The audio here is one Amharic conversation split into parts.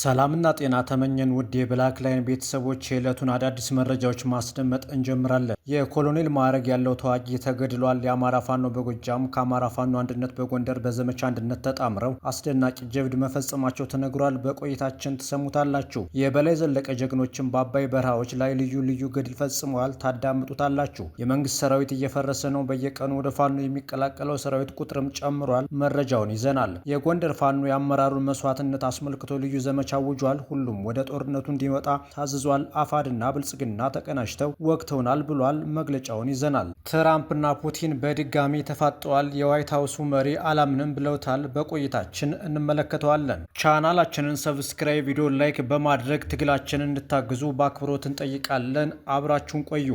ሰላምና ጤና ተመኘን ውድ የብላክ ላይን ቤተሰቦች የዕለቱን አዳዲስ መረጃዎች ማስደመጥ እንጀምራለን። የኮሎኔል ማዕረግ ያለው ተዋጊ ተገድሏል። የአማራ ፋኖ በጎጃም ከአማራ ፋኖ አንድነት በጎንደር በዘመቻ አንድነት ተጣምረው አስደናቂ ጀብድ መፈጸማቸው ተነግሯል። በቆይታችን ትሰሙታላችሁ። የበላይ ዘለቀ ጀግኖችን በአባይ በረሃዎች ላይ ልዩ ልዩ ገድል ፈጽመዋል። ታዳምጡታላችሁ። የመንግስት ሰራዊት እየፈረሰ ነው። በየቀኑ ወደ ፋኖ የሚቀላቀለው ሰራዊት ቁጥርም ጨምሯል። መረጃውን ይዘናል። የጎንደር ፋኖ የአመራሩን መስዋዕትነት አስመልክቶ ልዩ ዘመቻ ዘመቻ አውጇል። ሁሉም ወደ ጦርነቱ እንዲመጣ ታዝዟል። አፋድና ብልጽግና ተቀናጅተው ወቅተውናል ብሏል። መግለጫውን ይዘናል። ትራምፕና ፑቲን በድጋሚ ተፋጠዋል። የዋይት ሀውሱ መሪ አላምንም ብለውታል። በቆይታችን እንመለከተዋለን። ቻናላችንን ሰብስክራይብ፣ ቪዲዮ ላይክ በማድረግ ትግላችንን እንድታግዙ በአክብሮት እንጠይቃለን። አብራችሁን ቆዩ።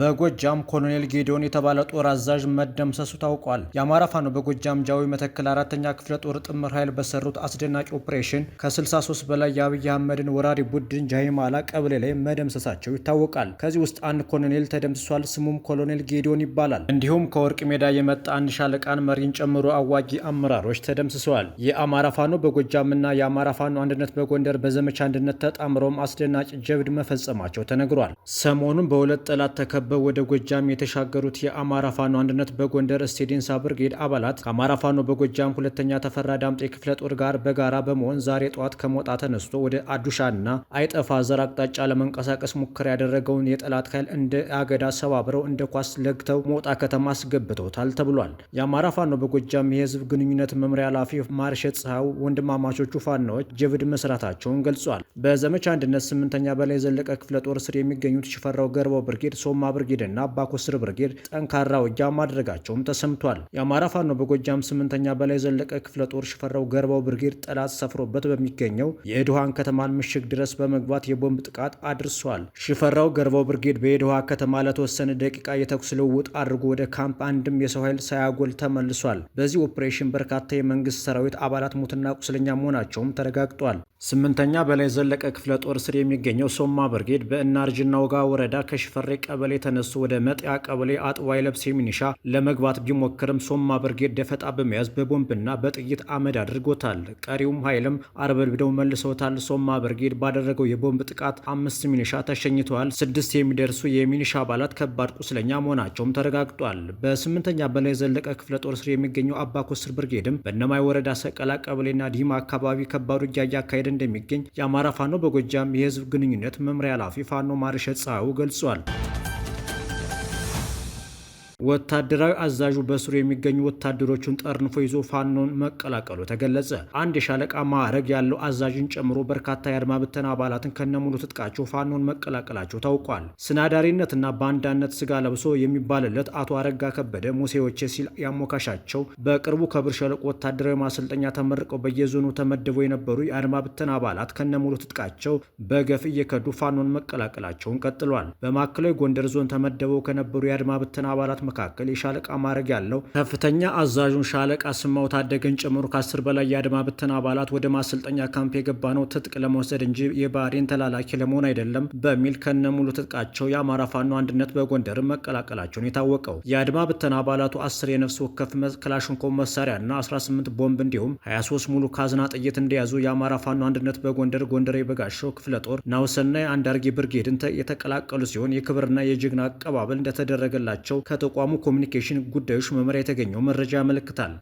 በጎጃም ኮሎኔል ጌዲዮን የተባለ ጦር አዛዥ መደምሰሱ ታውቋል። የአማራ ፋኖ በጎጃም ጃዊ መተከል አራተኛ ክፍለ ጦር ጥምር ኃይል በሰሩት አስደናቂ ኦፕሬሽን ከ63 በላይ የአብይ አህመድን ወራሪ ቡድን ጃይማላ ቀበሌ ላይ መደምሰሳቸው ይታወቃል። ከዚህ ውስጥ አንድ ኮሎኔል ተደምስሷል። ስሙም ኮሎኔል ጌዲዮን ይባላል። እንዲሁም ከወርቅ ሜዳ የመጣ አንድ ሻለቃን መሪን ጨምሮ አዋጊ አመራሮች ተደምስሰዋል። የአማራ ፋኖ በጎጃምና የአማራ ፋኖ አንድነት በጎንደር በዘመቻ አንድነት ተጣምረውም አስደናቂ ጀብድ መፈጸማቸው ተነግሯል። ሰሞኑን በሁለት ጠላት ተከ ከበው ወደ ጎጃም የተሻገሩት የአማራ ፋኖ አንድነት በጎንደር እስቴ ብርጌድ አባላት ከአማራ ፋኖ በጎጃም ሁለተኛ ተፈራ ዳምጤ ክፍለ ጦር ጋር በጋራ በመሆን ዛሬ ጠዋት ከሞጣ ተነስቶ ወደ አዱሻና አይጠፋ ዘር አቅጣጫ ለመንቀሳቀስ ሙከራ ያደረገውን የጠላት ኃይል እንደ አገዳ ሰባብረው እንደ ኳስ ለግተው ሞጣ ከተማ አስገብተውታል ተብሏል። የአማራ ፋኖ በጎጃም የህዝብ ግንኙነት መምሪያ ኃላፊ ማርሸ ፀሐው ወንድማማቾቹ ፋኖዎች ጀብድ መስራታቸውን ገልጿል። በዘመቻ አንድነት ስምንተኛ በላይ ዘለቀ ክፍለ ጦር ስር የሚገኙት ሽፈራው ገርባው ብርጌድ ሶማ ብርጌድና አባኮስር ብርጌድ ጠንካራ ውጊያ ማድረጋቸውም ተሰምቷል። የአማራ ፋኖ በጎጃም ስምንተኛ በላይ ዘለቀ ክፍለ ጦር ሽፈራው ገርባው ብርጌድ ጠላት ሰፍሮበት በሚገኘው የኤድሃን ከተማን ምሽግ ድረስ በመግባት የቦምብ ጥቃት አድርሷል። ሽፈራው ገርባው ብርጌድ በኤድሃ ከተማ ለተወሰነ ደቂቃ የተኩስ ልውውጥ አድርጎ ወደ ካምፕ አንድም የሰው ኃይል ሳያጎል ተመልሷል። በዚህ ኦፕሬሽን በርካታ የመንግስት ሰራዊት አባላት ሞትና ቁስለኛ መሆናቸውም ተረጋግጧል። ስምንተኛ በላይ ዘለቀ ክፍለ ጦር ስር የሚገኘው ሶማ ብርጌድ በእናርጅና ወጋ ወረዳ ከሽፈሬ ቀበሌ ተነሱ ወደ መጥያ ቀበሌ አጥዋይ ለብስ ሚኒሻ ለመግባት ቢሞክርም ሶማ ብርጌድ ደፈጣ በመያዝ በቦምብና በጥይት አመድ አድርጎታል። ቀሪውም ኃይልም አርበድብደው መልሰውታል። ሶማ ብርጌድ ባደረገው የቦምብ ጥቃት አምስት ሚኒሻ ተሸኝተዋል። ስድስት የሚደርሱ የሚኒሻ አባላት ከባድ ቁስለኛ መሆናቸውም ተረጋግጧል። በስምንተኛ በላይ ዘለቀ ክፍለ ጦር ስር የሚገኘው አባኮስር ብርጌድም በእነማይ ወረዳ ሰቀላ ቀበሌና ዲማ አካባቢ ከባድ ውጊያ እያካሄደ እንደሚገኝ የአማራ ፋኖ በጎጃም የህዝብ ግንኙነት መምሪያ ኃላፊ ፋኖ ማርሸት ፀሐዩ ገልጿል። ወታደራዊ አዛዡ በስሩ የሚገኙ ወታደሮቹን ጠርንፎ ይዞ ፋኖን መቀላቀሉ ተገለጸ። አንድ የሻለቃ ማዕረግ ያለው አዛዥን ጨምሮ በርካታ የአድማ ብተና አባላትን ከነሙሉ ትጥቃቸው ፋኖን መቀላቀላቸው ታውቋል። ስናዳሪነትና ባንዳነት ስጋ ለብሶ የሚባልለት አቶ አረጋ ከበደ ሙሴዎቼ ሲል ያሞካሻቸው በቅርቡ ከብር ሸለቆ ወታደራዊ ማሰልጠኛ ተመርቀው በየዞኑ ተመድበው የነበሩ የአድማ ብተና አባላት ከነሙሉ ትጥቃቸው በገፍ እየከዱ ፋኖን መቀላቀላቸውን ቀጥሏል። በማዕከላዊ ጎንደር ዞን ተመድበው ከነበሩ የአድማ ብተና አባላት መካከል የሻለቃ ማዕረግ ያለው ከፍተኛ አዛዡን ሻለቃ ስማው ታደገን ጨምሮ ከአስር በላይ የአድማ ብተና አባላት ወደ ማሰልጠኛ ካምፕ የገባ ነው ትጥቅ ለመውሰድ እንጂ የባህሬን ተላላኪ ለመሆን አይደለም በሚል ከነ ሙሉ ትጥቃቸው የአማራ ፋኖ አንድነት በጎንደር መቀላቀላቸውን የታወቀው የአድማ ብተና አባላቱ አስር የነፍስ ወከፍ ክላሽንኮቭ መሳሪያና 18 ቦምብ እንዲሁም 23 ሙሉ ካዝና ጥይት እንደያዙ የአማራ ፋኖ አንድነት በጎንደር ጎንደር የበጋሸው ክፍለ ጦር ናውሰና የአንዳርጌ ብርጌድን የተቀላቀሉ ሲሆን የክብርና የጀግና አቀባበል እንደተደረገላቸው ከተቋ ከተቋሙ ኮሚኒኬሽን ጉዳዮች መመሪያ የተገኘው መረጃ ያመለክታል።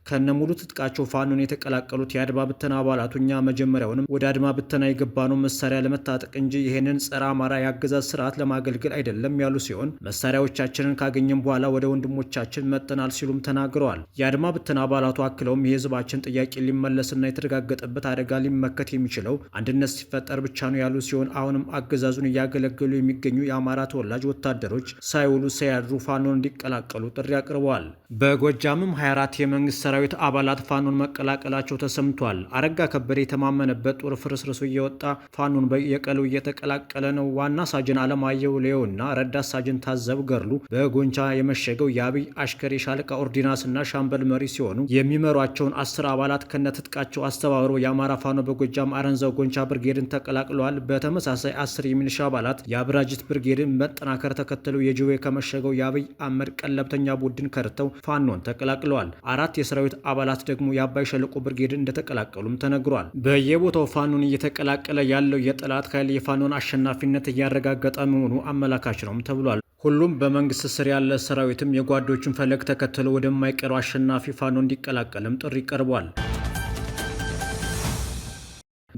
ሙሉ ትጥቃቸው ፋኖን የተቀላቀሉት የአድማ ብተና አባላቱ እኛ መጀመሪያውንም ወደ አድማ ብተና የገባነው መሳሪያ ለመታጠቅ እንጂ ይህንን ጸረ አማራ የአገዛዝ ስርዓት ለማገልገል አይደለም ያሉ ሲሆን መሳሪያዎቻችንን ካገኘም በኋላ ወደ ወንድሞቻችን መጠናል ሲሉም ተናግረዋል። የአድማ ብተና አባላቱ አክለውም የህዝባችን ጥያቄ ሊመለስና የተረጋገጠበት አደጋ ሊመከት የሚችለው አንድነት ሲፈጠር ብቻ ነው ያሉ ሲሆን አሁንም አገዛዙን እያገለገሉ የሚገኙ የአማራ ተወላጅ ወታደሮች ሳይውሉ ሳያድሩ ፋኖን እንዲቀላቀሉ እንዲቀላቀሉ ጥሪ አቅርበዋል። በጎጃምም 24 የመንግስት ሰራዊት አባላት ፋኖን መቀላቀላቸው ተሰምቷል። አረጋ ከበደ የተማመነበት ጦር ፍርስርሱ እየወጣ ፋኖን በየቀሉ እየተቀላቀለ ነው። ዋና ሳጅን አለማየሁ ሌውና ረዳት ሳጅን ታዘብ ገርሉ በጎንቻ የመሸገው የአብይ አሽከር የሻለቃ እና ሻምበል መሪ ሲሆኑ የሚመሯቸውን አስር አባላት ከነትጥቃቸው አስተባብረው የአማራ ፋኖ በጎጃም አረንዘው ጎንቻ ብርጌድን ተቀላቅለዋል። በተመሳሳይ አስር የሚሊሻ አባላት የአብራጅት ብርጌድን መጠናከር ተከተሉ የጅዌ ከመሸገው የአብይ አህመድ ቀ ቀለብተኛ ቡድን ከርተው ፋኖን ተቀላቅለዋል። አራት የሰራዊት አባላት ደግሞ የአባይ ሸለቆ ብርጌድን እንደተቀላቀሉም ተነግሯል። በየቦታው ፋኖን እየተቀላቀለ ያለው የጠላት ኃይል የፋኖን አሸናፊነት እያረጋገጠ መሆኑ አመላካች ነውም ተብሏል። ሁሉም በመንግስት ስር ያለ ሰራዊትም የጓዶችን ፈለግ ተከትሎ ወደማይቀረው አሸናፊ ፋኖ እንዲቀላቀልም ጥሪ ቀርቧል።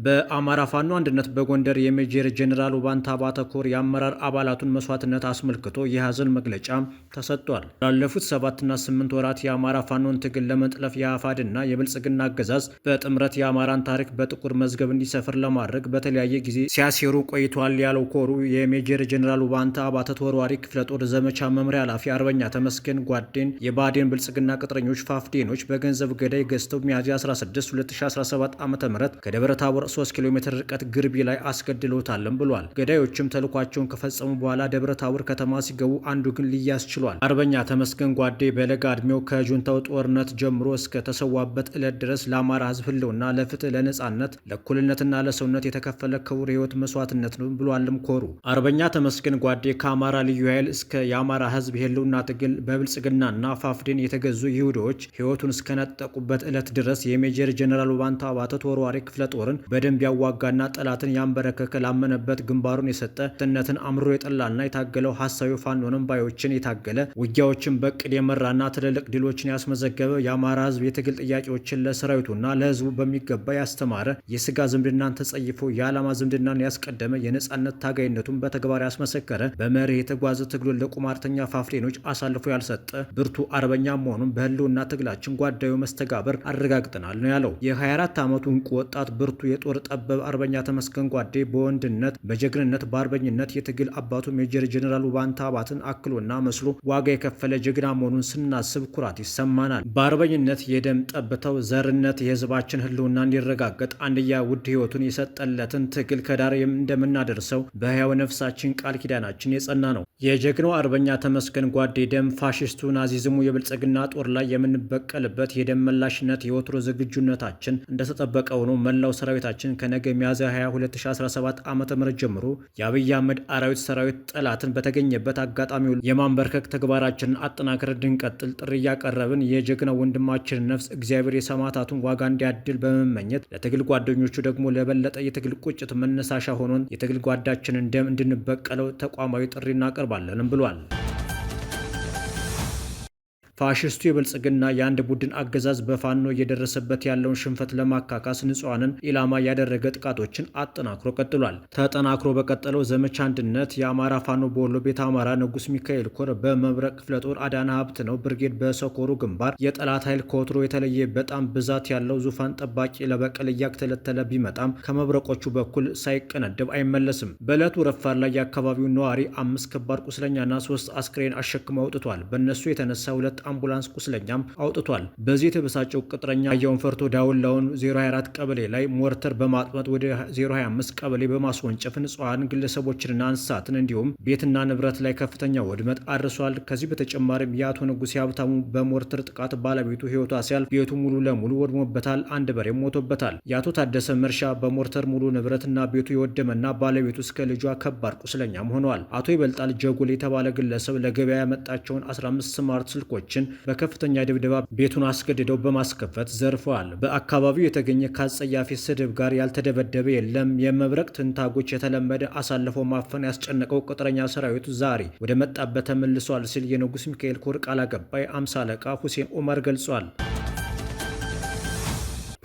በአማራ ፋኖ አንድነት በጎንደር የሜጀር ጄኔራል ውባንታ ባተኮር የአመራር አባላቱን መስዋዕትነት አስመልክቶ የሀዘን መግለጫ ተሰጥቷል። ላለፉት ሰባትና ስምንት ወራት የአማራ ፋኖን ትግል ለመጥለፍ የአፋድና የብልጽግና አገዛዝ በጥምረት የአማራን ታሪክ በጥቁር መዝገብ እንዲሰፍር ለማድረግ በተለያየ ጊዜ ሲያሴሩ ቆይቷል ያለው ኮሩ የሜጀር ጄኔራል ውባንታ አባተ ተወርዋሪ ክፍለ ጦር ዘመቻ መምሪያ ኃላፊ አርበኛ ተመስገን ጓዴን የባዴን ብልጽግና ቅጥረኞች ፋፍዴኖች በገንዘብ ገዳይ ገዝተው ሚያዝያ 16 2017 ዓ ም ከደብረ ታቦር 3 ኪሎ ሜትር ርቀት ግርቢ ላይ አስገድሎታልም ብሏል። ገዳዮችም ተልኳቸውን ከፈጸሙ በኋላ ደብረ ታቦር ከተማ ሲገቡ አንዱ ግን ሊያስ ችሏል። አርበኛ ተመስገን ጓዴ በለጋ እድሜው ከጁንታው ጦርነት ጀምሮ እስከ ተሰዋበት ዕለት ድረስ ለአማራ ህዝብ ህልውና፣ ለፍትህ፣ ለነጻነት፣ ለእኩልነትና ለሰውነት የተከፈለ ክቡር ህይወት መስዋዕትነት ነው ብሏልም ኮሩ። አርበኛ ተመስገን ጓዴ ከአማራ ልዩ ኃይል እስከ የአማራ ሕዝብ የህልውና ትግል በብልጽግናና ፋፍዴን የተገዙ ይሁዶዎች ህይወቱን እስከነጠቁበት ዕለት ድረስ የሜጀር ጀኔራል ባንታ አባተ ተወርዋሪ ክፍለ ጦርን በደንብ ያዋጋና ጠላትን ያንበረከከ ላመነበት ግንባሩን የሰጠ ትነትን አምሮ የጠላና የታገለው ሀሳዊ ፋኖንም ባዮችን የታገለ ውጊያዎችን በቅድ የመራና ትልልቅ ድሎችን ያስመዘገበ የአማራ ህዝብ የትግል ጥያቄዎችን ለሰራዊቱና ለህዝቡ በሚገባ ያስተማረ የስጋ ዝምድናን ተጸይፎ የዓላማ ዝምድናን ያስቀደመ የነጻነት ታጋይነቱን በተግባር ያስመሰከረ በመርህ የተጓዘ ትግሉን ለቁማርተኛ ፋፍሬኖች አሳልፎ ያልሰጠ ብርቱ አርበኛ መሆኑን በህልውና ትግላችን ጓዳዩ መስተጋበር አረጋግጠናል ነው ያለው። የ24 ዓመቱ እንቁ ወጣት ብርቱ የጦር ጦር ጠበብ አርበኛ ተመስገን ጓዴ በወንድነት በጀግንነት በአርበኝነት የትግል አባቱ ሜጀር ጀኔራል ውባንታ አባትን አክሎና መስሎ ዋጋ የከፈለ ጀግና መሆኑን ስናስብ ኩራት ይሰማናል። በአርበኝነት የደም ጠብተው ዘርነት የህዝባችን ህልውና እንዲረጋገጥ አንድያ ውድ ህይወቱን የሰጠለትን ትግል ከዳር እንደምናደርሰው በህያው ነፍሳችን ቃል ኪዳናችን የጸና ነው። የጀግናው አርበኛ ተመስገን ጓዴ ደም ፋሽስቱ ናዚዝሙ የብልጽግና ጦር ላይ የምንበቀልበት የደም መላሽነት የወትሮ ዝግጁነታችን እንደተጠበቀ ሆኖ መላው ሰራዊታችን ፊታችን ከነገ ሚያዝያ 22 2017 ዓ ም ጀምሮ የአብይ አህመድ አራዊት ሰራዊት ጠላትን በተገኘበት አጋጣሚው የማንበርከክ ተግባራችንን አጠናክረን እንድንቀጥል ጥሪ እያቀረብን የጀግና ወንድማችንን ነፍስ እግዚአብሔር የሰማዕታቱን ዋጋ እንዲያድል በመመኘት ለትግል ጓደኞቹ ደግሞ ለበለጠ የትግል ቁጭት መነሳሻ ሆኖን የትግል ጓዳችንን ደም እንድንበቀለው ተቋማዊ ጥሪ እናቀርባለንም ብሏል። ፋሽስቱ የብልጽግና የአንድ ቡድን አገዛዝ በፋኖ እየደረሰበት ያለውን ሽንፈት ለማካካስ ንጹሐንን ኢላማ ያደረገ ጥቃቶችን አጠናክሮ ቀጥሏል። ተጠናክሮ በቀጠለው ዘመቻ አንድነት የአማራ ፋኖ በወሎ ቤት አማራ ንጉስ ሚካኤል ኮር በመብረቅ ክፍለ ጦር አዳና ሀብት ነው ብርጌድ በሰኮሩ ግንባር የጠላት ኃይል ከወትሮ የተለየ በጣም ብዛት ያለው ዙፋን ጠባቂ ለበቀል እያክተለተለ ቢመጣም ከመብረቆቹ በኩል ሳይቀነደብ አይመለስም። በዕለቱ ረፋር ላይ የአካባቢው ነዋሪ አምስት ከባድ ቁስለኛና ሶስት አስክሬን አሸክመው አውጥቷል። በእነሱ የተነሳ ሁለት አምቡላንስ ቁስለኛም አውጥቷል። በዚህ የተበሳጨው ቅጥረኛ አየውን ፈርቶ ዳውላውን 024 ቀበሌ ላይ ሞርተር በማጥመጥ ወደ 025 ቀበሌ በማስወንጨፍ ንጹሐን ግለሰቦችንና እንስሳትን እንዲሁም ቤትና ንብረት ላይ ከፍተኛ ውድመት አድርሷል። ከዚህ በተጨማሪም የአቶ ንጉሴ ሀብታሙ በሞርተር ጥቃት ባለቤቱ ህይወቷ ሲያልፍ ቤቱ ሙሉ ለሙሉ ወድሞበታል። አንድ በሬም ሞቶበታል። የአቶ ታደሰ መርሻ በሞርተር ሙሉ ንብረትና ቤቱ የወደመና ባለቤቱ እስከ ልጇ ከባድ ቁስለኛም ሆኗል። አቶ ይበልጣል ጀጉል የተባለ ግለሰብ ለገበያ ያመጣቸውን 15 ስማርት ስልኮች ሰዎችን በከፍተኛ ድብደባ ቤቱን አስገድደው በማስከፈት ዘርፈዋል። በአካባቢው የተገኘ ከአጸያፊ ስድብ ጋር ያልተደበደበ የለም። የመብረቅ ትንታጎች የተለመደ አሳልፎ ማፈን ያስጨነቀው ቅጥረኛ ሰራዊቱ ዛሬ ወደ መጣበት ተመልሷል ሲል የንጉስ ሚካኤል ኮር ቃል አቀባይ አምሳ አለቃ ሁሴን ኡመር ገልጿል።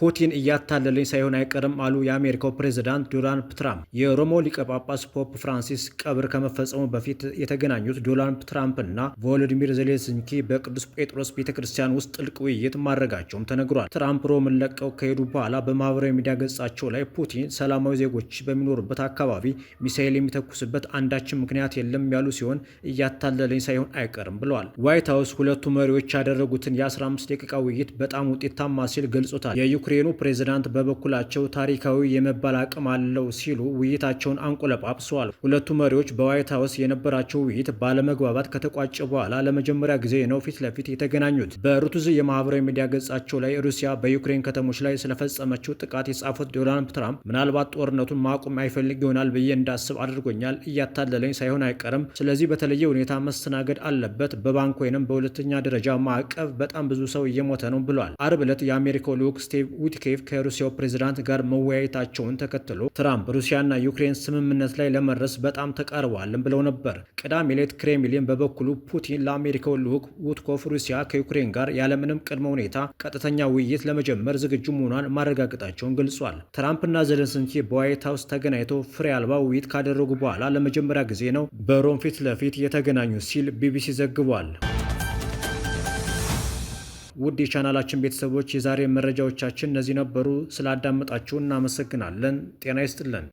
ፑቲን እያታለለኝ ሳይሆን አይቀርም አሉ የአሜሪካው ፕሬዚዳንት ዶናልድ ትራምፕ። የሮሞ ሊቀ ጳጳስ ፖፕ ፍራንሲስ ቀብር ከመፈጸሙ በፊት የተገናኙት ዶናልድ ትራምፕና ቮሎዲሚር ዜሌንስኪ በቅዱስ ጴጥሮስ ቤተ ክርስቲያን ውስጥ ጥልቅ ውይይት ማድረጋቸውም ተነግሯል። ትራምፕ ሮምን ለቀው ከሄዱ በኋላ በማህበራዊ ሚዲያ ገጻቸው ላይ ፑቲን ሰላማዊ ዜጎች በሚኖሩበት አካባቢ ሚሳኤል የሚተኩስበት አንዳችን ምክንያት የለም ያሉ ሲሆን እያታለለኝ ሳይሆን አይቀርም ብለዋል። ዋይት ሀውስ ሁለቱ መሪዎች ያደረጉትን የ15 ደቂቃ ውይይት በጣም ውጤታማ ሲል ገልጾታል። የዩክሬኑ ፕሬዝዳንት በበኩላቸው ታሪካዊ የመባል አቅም አለው ሲሉ ውይይታቸውን አንቆለጳጵሰዋል። ሁለቱ መሪዎች በዋይት ሀውስ የነበራቸው ውይይት ባለመግባባት ከተቋጨ በኋላ ለመጀመሪያ ጊዜ ነው ፊት ለፊት የተገናኙት። በሩቱዝ የማህበራዊ ሚዲያ ገጻቸው ላይ ሩሲያ በዩክሬን ከተሞች ላይ ስለፈጸመችው ጥቃት የጻፉት ዶናልድ ትራምፕ ምናልባት ጦርነቱን ማቆም አይፈልግ ይሆናል ብዬ እንዳስብ አድርጎኛል። እያታለለኝ ሳይሆን አይቀርም። ስለዚህ በተለየ ሁኔታ መስተናገድ አለበት። በባንክ ወይንም በሁለተኛ ደረጃ ማዕቀብ በጣም ብዙ ሰው እየሞተ ነው ብሏል። አርብ ዕለት የአሜሪካው ልዑክ ስቲቭ ዊትኬፍ ከሩሲያው ፕሬዝዳንት ጋር መወያየታቸውን ተከትሎ ትራምፕ ሩሲያና ዩክሬን ስምምነት ላይ ለመድረስ በጣም ተቃርበዋልም ብለው ነበር። ቅዳሜ ሌት ክሬምሊን በበኩሉ ፑቲን ለአሜሪካው ልዑክ ውትኮፍ ሩሲያ ከዩክሬን ጋር ያለምንም ቅድመ ሁኔታ ቀጥተኛ ውይይት ለመጀመር ዝግጁ መሆኗን ማረጋገጣቸውን ገልጿል። ትራምፕና ዘለንስኪ በዋይት ሀውስ ተገናኝተው ፍሬ አልባ ውይይት ካደረጉ በኋላ ለመጀመሪያ ጊዜ ነው በሮም ፊት ለፊት የተገናኙ ሲል ቢቢሲ ዘግቧል። ውድ የቻናላችን ቤተሰቦች የዛሬ መረጃዎቻችን እነዚህ ነበሩ። ስላዳመጣችሁ እናመሰግናለን። ጤና ይስጥልን።